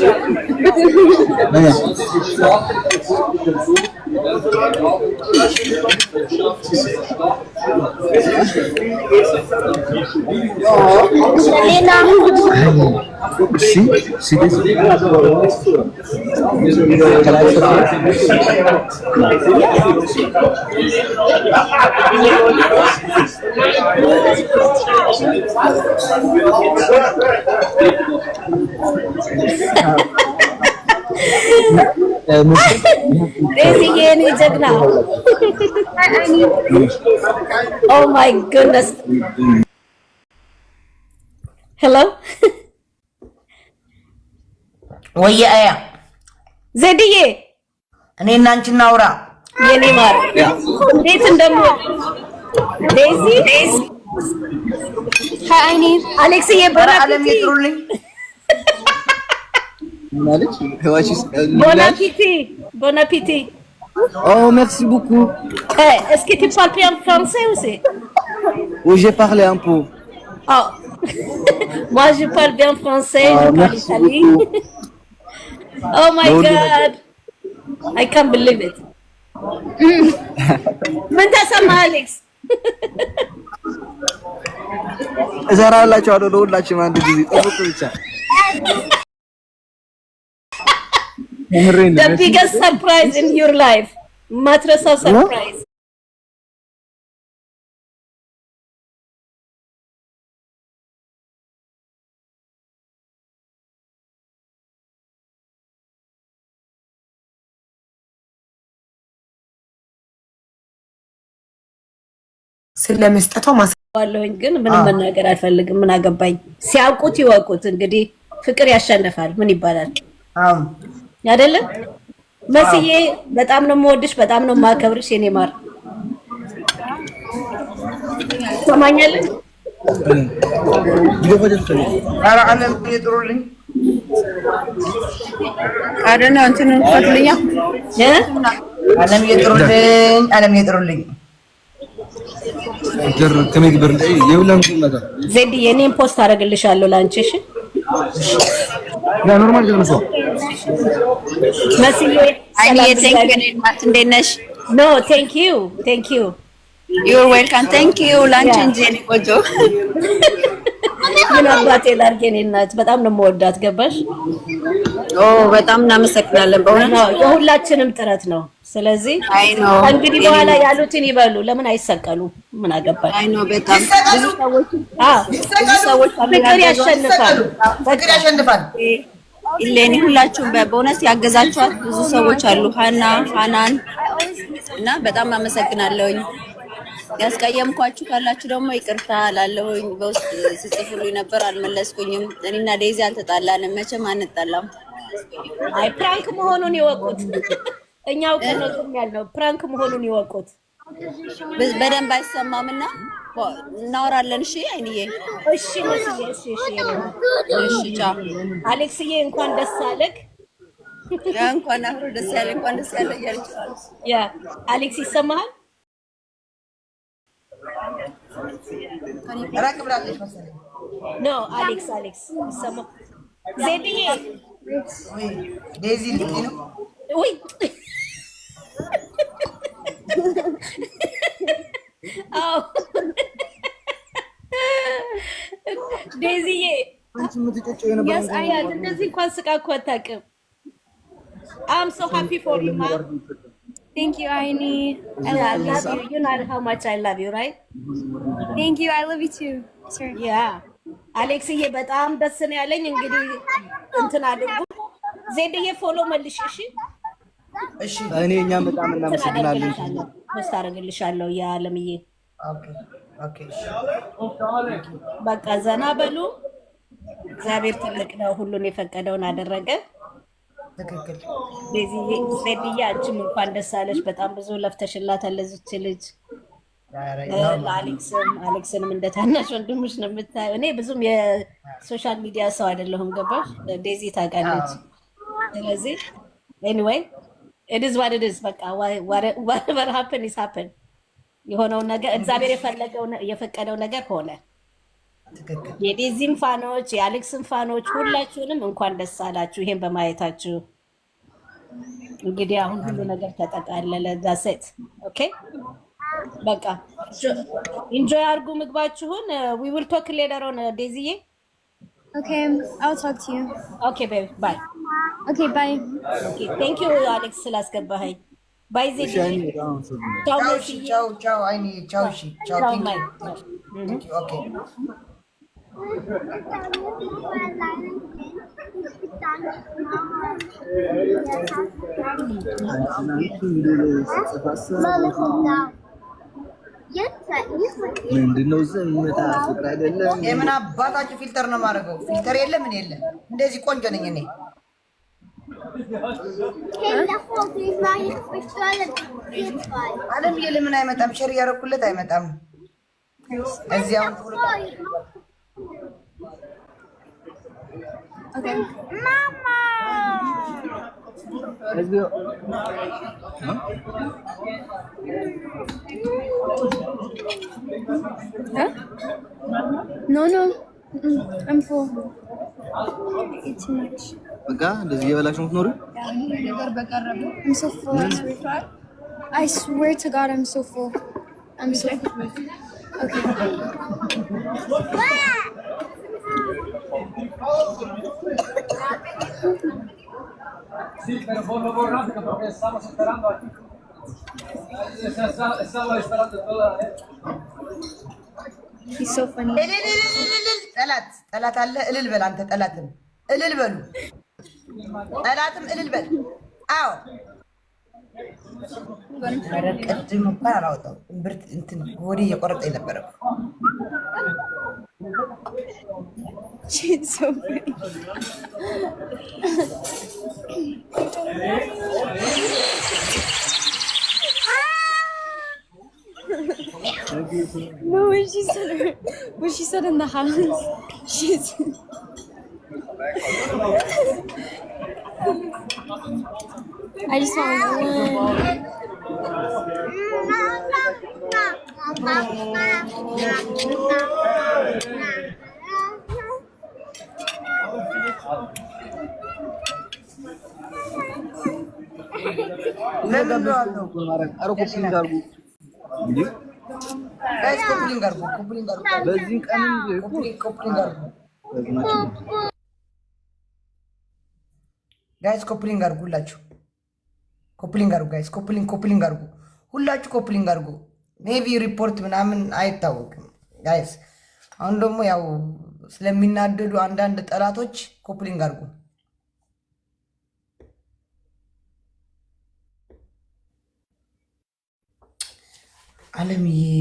Evet. Selena. Sie, sie ist oh my goodness. Hello? Oh yeah. Iya. ዘድዬ እኔ እና አንቺ እናውራ። የኔ ማር እንዴት Bon appétit. Oh, merci beaucoup. Est-ce que tu parles bien français aussi Oui, j'ai parlé un peu. Oh. Moi, je parle bien français, ah, je parle italien. ኦ ማይ ጋድ አይ ካን ብሊቭ ኢት። ምን ተሰማህ አሌክስ? እሰራላችኋለሁ ለሁላችሁም አንድ ጊዜ ጠብቁ ብቻ። The biggest surprise in your life ማትረሳው ሰርፕራይዝ ስለመስጠቷ ማለሁኝ፣ ግን ምንም መናገር አልፈልግም። ምን አገባኝ? ሲያውቁት ይወቁት። እንግዲህ ፍቅር ያሸንፋል። ምን ይባላል አይደለም? መስዬ በጣም ነው የምወድሽ፣ በጣም ነው የማከብርሽ የኔ ማር። ሰማኛለን አለም የጥሩልኝ አለም የጥሩልኝ አለም የጥሩልኝ የኔን ፖስት አደርግልሻለሁ ለአንቺ። እሺ ኖርማል እንዴት ነሽ? ኖ ቴንክ ዩ ቴንክ ዩ ዌልካም ቴንክ ዩ እንጂ የኔ ቆንጆ ምን አባቴ ላድርግ የኔ እናት፣ በጣም ነው የምወዳት ገባሽ? በጣም እናመሰግናለን። በእውነት የሁላችንም ጥረት ነው ስለዚህ እንግዲህ በኋላ ያሉትን ይበሉ። ለምን አይሰቀሉ? ምን አገባል? ፍቅር ያሸንፋል። ሌኒ ሁላችሁም በእውነት ያገዛችኋት ብዙ ሰዎች አሉ። ሀና ሀናን እና በጣም አመሰግናለሁኝ። ያስቀየምኳችሁ ካላችሁ ደግሞ ይቅርታ ላለሁኝ። በውስጥ ስጽፍሉ ነበር አልመለስኩኝም። እኔና ዴዚ አልተጣላንም፣ መቼም አንጣላም። አይ ፕራንክ መሆኑን ይወቁት። እኛ አውቀን ያለው። ፕራንክ መሆኑን ይወቁት። በደንብ አይሰማም እና እናወራለን። እሺ አይንዬ፣ እሺ መስዬ፣ እሺ፣ እሺ፣ እሺ። አሌክስዬ እንኳን ደስ አለክ። እንኳን አብሮ ደስ ያለ እንኳን ደስ ያለ እያለች ያ አሌክስ ይሰማሃል? ራቅ ብላለች መሰለኝ። ኖ አሌክስ አሌክስ ይሰማሃል? ዜድዬ፣ ዴዚ ልትይ ነው? ወይ አዎ oh. ዴዚዬ እንደዚህ እንኳን ስቃ እኮ አታውቅም። አም ሶ ሃፒ ፎር ዩ ማ ቴንክ ዩ አይኒ ዩ ናት ሃው ማች አይ ላቭ ዩ ራይት ቴንክ ዩ አይ ላቭ ዩ ቱ ያ አሌክስዬ በጣም ደስ ነው ያለኝ። እንግዲህ እንትን አድርጉ ዜድዬ ፎሎ መልሽ። እሺ እሺ። እኔ እኛም በጣም እናመሰግናለን። ፖስት አደርግልሻለሁ የዓለምዬ። በቃ ዘና በሉ። እግዚአብሔር ትልቅ ነው፣ ሁሉን የፈቀደውን አደረገ። ዜድዬ አንቺም እንኳን ደስ አለሽ። በጣም ብዙ ለፍተሽላት አለዝች ልጅ። ለአሌክስም አሌክስንም እንደ ታናሽ ወንድምሽ ነው የምታየው። እኔ ብዙም የሶሻል ሚዲያ ሰው አይደለሁም ገባሽ፣ ዴዚ ታውቃለች። ስለዚህ ኤኒዌይ ኢትዝ ዋት ኢትዝ በቃ ወር ሀፕን ኢዝ ሀፕን። የሆነውን ነገር እግዚአብሔር የፈለገው የፈቀደው ነገር ሆነ። የዴዚም ፋኖች የአሌክስን ፋኖች ሁላችሁንም እንኳን ደስ አላችሁ፣ ይሄን በማየታችሁ እንግዲህ አሁን ሁሉ ነገር ተጠቃለለ። ዳሴት ኦኬ፣ በቃ ኢንጆይ አድርጉ ምግባችሁን። ዊ ዊል ቶክ ሌደር ዴዚዬ። ኦኬ ባይ okay bye okay thank you Alex Salaskar bye bye जी चाओ मोशी चाओ चाओ आई नी चाओ शी चाओ thank you thank you okay የምን አባታችሁ ፊልተር ነው የማደርገው? ፊልተር የለም እኔ የለም። እንደዚህ ቆንጆ አለም ብዬ ለምን አይመጣም? ሸር እያደረኩለት አይመጣም። እዚያው ኖ ኖ በቃ እንደዚህ እየበላሽ ነው የምትኖሪው። ጠላት ጠላት አለ። እልል በል አንተ ጠላትም እልል በሉ ጠላትም እልል በል። አዎ ኧረ ቅድም እንኳን አላወጣሁም። እምብርት እንትን ሆዴ እየቆረጠኝ ነበረ። No, when she said her, when she said in the house, she's. I just want one. kupling garbu guys kupling garbu kupling garbu kupling kupling garbu ጋይስ ኮፕሊንግ አድርጉ። ሁላችሁ ኮፕሊንግ አድርጉ ጋይስ፣ ኮፕሊንግ ኮፕሊንግ አድርጉ። ሁላችሁ ኮፕሊንግ አድርጉ። ሜቢ ሪፖርት ምናምን አይታወቅም ጋይስ። አሁን ደግሞ ያው ስለሚናደዱ አንዳንድ ጠላቶች ኮፕሊንግ አድርጉ። አለምዬ